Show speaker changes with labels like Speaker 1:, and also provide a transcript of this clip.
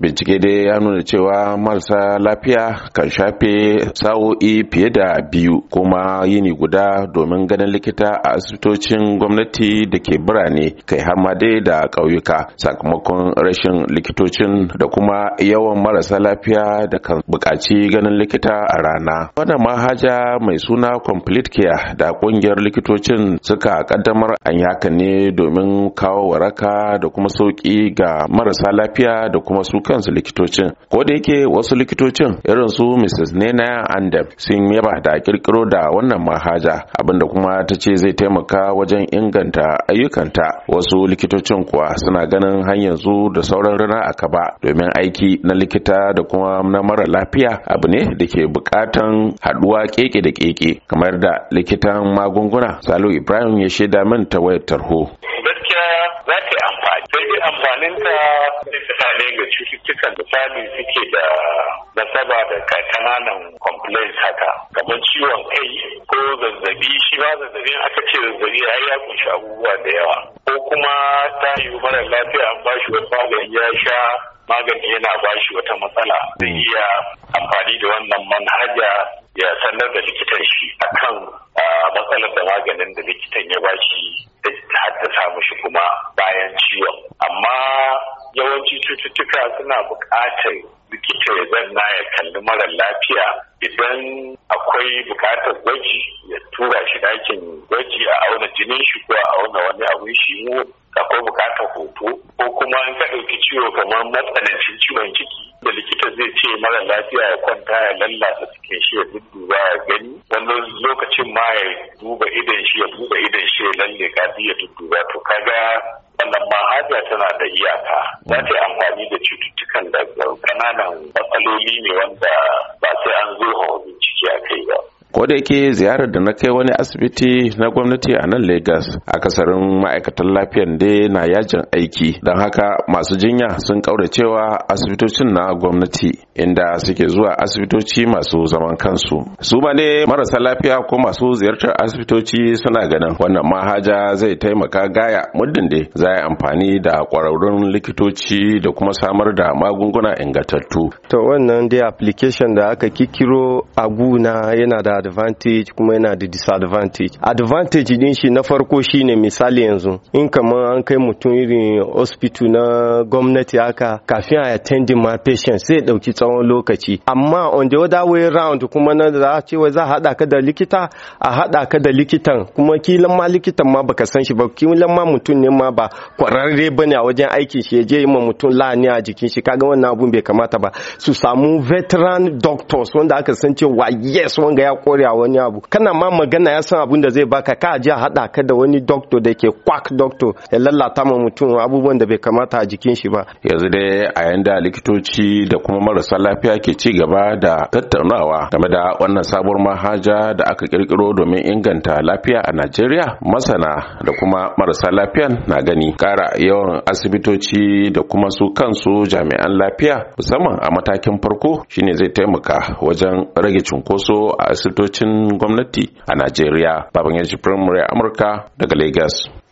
Speaker 1: bincike dai ya nuna cewa marasa lafiya kan shafe sa'o'i fiye da biyu kuma yini guda domin ganin likita a asibitocin gwamnati da ke birane kai har dai da ƙauyuka sakamakon rashin likitocin da kuma yawan marasa lafiya da kan buƙaci ganin likita a rana wannan manhaja mai suna complete care da ƙungiyar likitocin suka ƙaddamar an yaka ne domin kawo waraka da kuma sauƙi ga marasa lafiya da kuma su kansu likitocin ko da yake wasu likitocin irin su Mrs. Nena Andep sun yaba da kirkiro da wannan manhaja abinda kuma ta ce zai taimaka wajen inganta ayyukanta wasu likitocin kuwa suna ganin hanyar zu da sauran rana a kaba domin aiki na likita da kuma na mara lafiya abu ne da ke bukatan haduwa keke da keke kamar da likitan magunguna Salo Ibrahim ya shaida min ta wayar tarho
Speaker 2: daidai amfanin ta fita ne ga cututtukan sami suke da nasaba da kananan complaints haka kamar ciwon kai ko zazzabi shi ba zazzabin aka ce zazzabi har ya kunshi abubuwa da yawa ko kuma ta yi mara lafiya an shi wani magani ya sha magani yana ba shi wata matsala zai iya amfani da wannan manhaja ya sanar da likitan shi akan matsalar da maganin da likitan ya ba bashi ta haddasa mushi kuma bayan ciwon amma yawanci cututtuka suna bukatar likita ya zanna ya kalli mara lafiya idan akwai bukatar gwaji ya tura shi dakin gwaji a auna jinin shi ko a auna wani abin shi mu akwai bukatar hoto ko kuma an ka ɗauki ciwo kamar matsanancin ciwon ciki da likita zai ce mara lafiya ya kwanta ya lallata cikin shi ya dudduba ya gani wani lokacin ma ya duba idan shi ya duba idan shi ya lalle kafin ya dudduba lafiya tana da iyaka za ta yi amfani da cututtukan da ƙananan matsaloli ne wanda ba sai an zo
Speaker 1: ko da yake ziyarar da na kai wani asibiti na gwamnati a nan Legas akasarin ma'aikatan lafiyan da na yajin aiki don haka masu jinya sun kauracewa asibitocin na gwamnati inda suke zuwa asibitoci masu zaman kansu su ba ne marasa lafiya ko masu ziyartar asibitoci suna ganin wannan mahaja zai taimaka gaya muddin da za a amfani da kwararrun likitoci da kuma samar da magunguna ingantattu
Speaker 3: to wannan dai application da aka kikiro a guna yana da advantage kuma yana da disadvantage advantage din shi na farko shine misali yanzu in kamar an kai mutum irin hospital na gwamnati haka kafin a attend my patient sai dauki tsawon lokaci amma on the other way round kuma na za a ce za a hada ka da likita a hada ka da likitan kuma kilan ma likitan ma baka san shi ba kilan ma mutum ne ma ba kwararre bane a wajen aikin shi ya je yi ma mutum la'ani a jikin shi kaga wannan abun bai kamata ba su samu veteran doctors wanda aka san cewa yes wanga ya ɗaure a wani abu kana ma magana ya san abin da zai baka ka je a haɗa ka da wani doctor da ke kwak doctor ya lalata ma mutum abubuwan da bai kamata a jikin shi ba
Speaker 1: yanzu dai a yanda likitoci da kuma marasa lafiya ke ci gaba da tattaunawa game da wannan sabuwar manhaja da aka kirkiro domin inganta lafiya a Najeriya masana da kuma marasa lafiyan na gani kara yawan asibitoci da kuma su kansu jami'an lafiya musamman a matakin farko shine zai taimaka wajen rage cunkoso a asibitoci asibitocin gwamnati a najeriya baban ya jibrin murai amurka daga lagos